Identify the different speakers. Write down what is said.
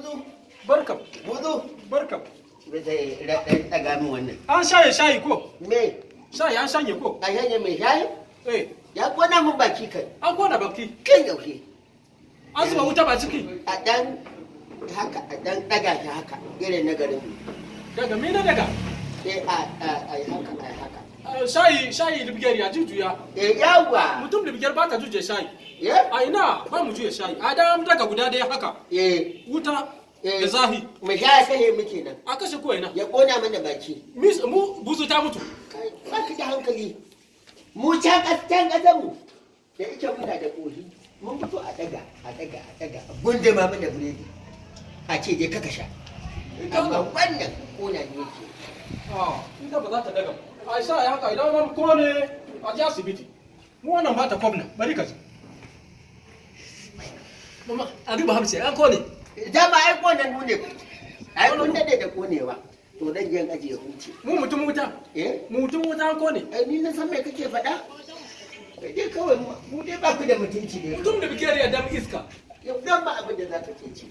Speaker 1: wudu Barkam. wudu Barkam. Bisa sha ɗaga min wannan. An shaye ko? Me? Shayi an shanye ko? a shanye mai shayi? Eh. Ya kona mu baki kai. An kona baki. Kin yaushe. An zuba wuta ba ciki. A dan haka a dan daga shi haka irin na garin. Daga me na daga? Eh a a a haka a haka. Eh, shayi shayi libgar ya jujuya eh yawa mutum libgar ba ta juje shayi eh a ina ba mu juya shayi a da daga guda dai haka eh wuta eh. da zahi mu sha sai muke nan a kashe ko ina ya kona mana baki mu buzu ta mutu ba ki da hankali mu can kastan kasan mu da ita muna da kohi mun fito a daga a daga a daga gunde ma mana buredi a ce dai kaka sha amma wannan kona ne yake ah ita ba za ta daga ba a sa ya haka idan wani kone a ji asibiti mu wannan ba ta kwamna bari ka ji mama a riba hamsin an kone dama ai kone mu ne ai mun dade da konewa to dan jan aje ya huce mu mutum wuta eh mu mutum wuta an kone ai ni na san me kake faɗa dai kawai mu dai ba ku da mutunci ne mutum da bikiyar ya dam iska yau dan ba abin da za ka ke ci